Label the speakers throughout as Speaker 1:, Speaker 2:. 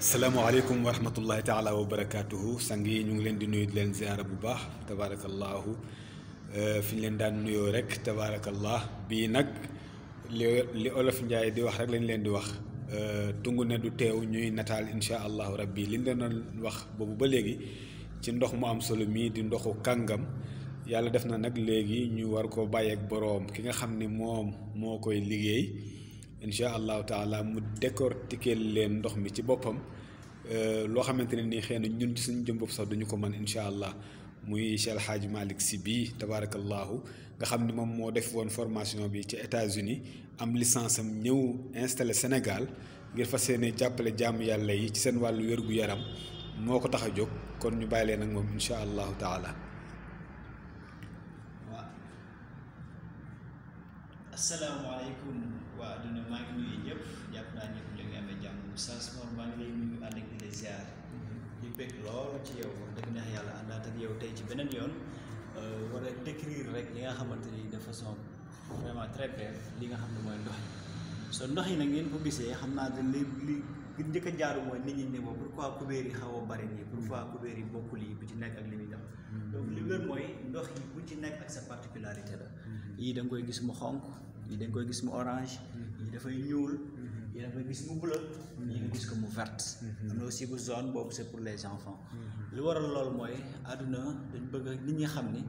Speaker 1: السلام عليكم ورحمة الله تعالى وبركاته سنجي نجلن دي نويد لن زيارة بباح تبارك الله في لن دان نيوريك تبارك الله بينك لي أولف نجاي دي وحرق لن لن دي وخ تنغو ندو تيو نيوي نتال إن شاء الله ربي لن دان وخ بابو بليغي تندوخ مو أمسلمي تندوخو كنغم يالا دفنا نك ليغي نيو واركو بايك بروم كيغا خمني موم موكو يليغي incha allahu taala mu décortiquer leen ndox mi ci boppam euh, loo xamante ne nii xëy na ñun ci suñu jëm bopp sax duñu ko mën incha allah muy Cheikh El Hadj si Sy bii tabaarakallaahu nga xam ni moom moo def woon formation bi ci États-Unis am licence ñëw installé Sénégal ngir fas yéene jàppale jàmm yàlla yi ci seen wàllu wérgu yaram moo ko tax a jóg kon ñu bàyyi leen ak moom incha allahu taala.
Speaker 2: waa adduna maa ngi nuyu ñëpp jàpp naa ñëpp la nga amee jàmm oustaz Mor mm-hmm. ci yow wax dëgg neex yàlla àndaat ak yow tey ci beneen yoon euh, wala décrire rek li nga xamante ni de façon vraiment très li nga xam ne mooy ndox yi yi nag ngeen ko gisee xam naa de li li li njëkk jaaru mooy nit ñi ne ma pourquoi kubéer yi xaw a bari nii pourquoi kubéer yi bokkul yi bu ci nekk ak li muy def mm-hmm. donc li mooy ndox yi bu ci nekk ak sa particularité la mm-hmm. yii da koy gis mu xonk yi dañ koy gis mu orange yi dafay ñuul mhm. yi dafay gis mu bleu yi nga gis ko mu verte mhm. am na aussi bu boobu c'est pour les enfants mhm. lu waral loolu mooy àdduna dañ bëgg nit ñi xam ni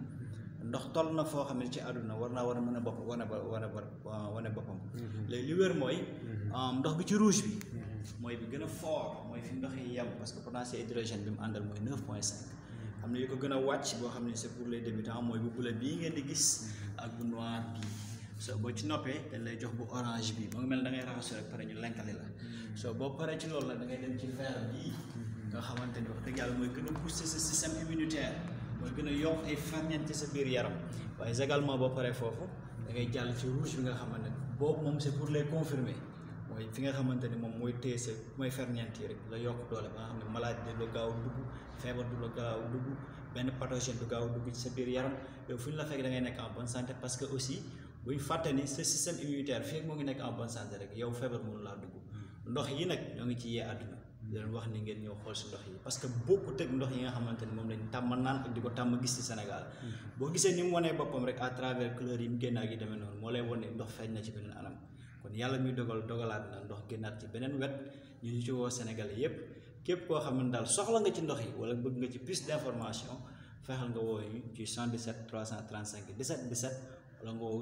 Speaker 2: ndox toll na foo xam ne ci àdduna war naa war a mën a bopp wane ba wane ba wane boppam léegi li wér mooy ndox bi ci rouge bi mooy bi gën a fort mooy fi ndox yi parce que potentiel hydrogène bi mu àndal mooy neuf point cinq am na yu ko gën a wàcc boo xam ne c'est pour les débutants mooy bu bula bii ngeen di gis ak bu noir so boo ci noppee dañ lay jox bu orange bi moo ngi mel da ngay raxasu rek pare ñu lenkali la hmm. so boo paree ci loolu la da dem ci verre bi hmm. nga xamante ni wax dëgg yàlla mooy gën a booster sa système immunitaire mooy gën a yokk ay ferñeent sa biir yaram waaye également boo paree foofu da ngay jàll ci rouge bi nga xamante ne boobu moom c'est pour les confirmer mooy fi nga xamante ni moom mooy téye sa mooy ferñeent yi rek la yokk doole ba nga xam ne maladie du la gaaw dugg feebar du la gaaw dugg benn pathogène du gaaw dugg ci sa biir yaram yow fu ñu la fekk da ngay nekk santé parce buñ faté ni ce système immunitaire fii mo ngi nek en bonne santé rek yow fièvre mënu la dugg ndox yi nak ñoo ngi ci yee àdduna leen wax ni ngeen oh, ñoo xol ci ndox yi parce que beaucoup tek ndox yi nga xamanteni mom lañ tam nan ak diko tam gis ci Sénégal bo gisé ni mu wanee boppam rek à ah, travers couleur yi mu génn ak yi demee noonu moo lay woné ndox fañ na ci benen anam kon yalla muy dogal dogalat na ndox génnaat ci benen wet ñu ci wo Sénégal yépp képp ko xamne dal soxla nga ci ndox yi wala bëgg nga ci plus d'information information fexal nga wo ci 117 335 17 17 wala nga woo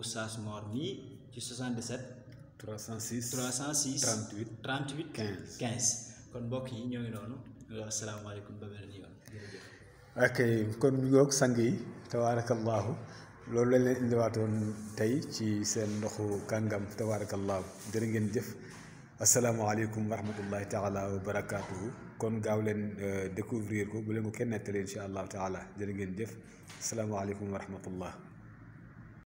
Speaker 2: ci 77. 306 306 38 38 15 mbokk yi ñoo ngi noonu loolu asalaamaaleykum
Speaker 1: loolu lañ leen indiwaatoon tey ci seen ndoxu kàngam tabaarakallaahu jërë ngeen jëf asalaamaaleykum wa rahmatullahi taala wa barakaatuhu kon gaaw leen euh, découvrir ko bu leen ko kenn nettali incha allahu taala jërë ngeen jëf asalaamaaleykum wa rahmatullah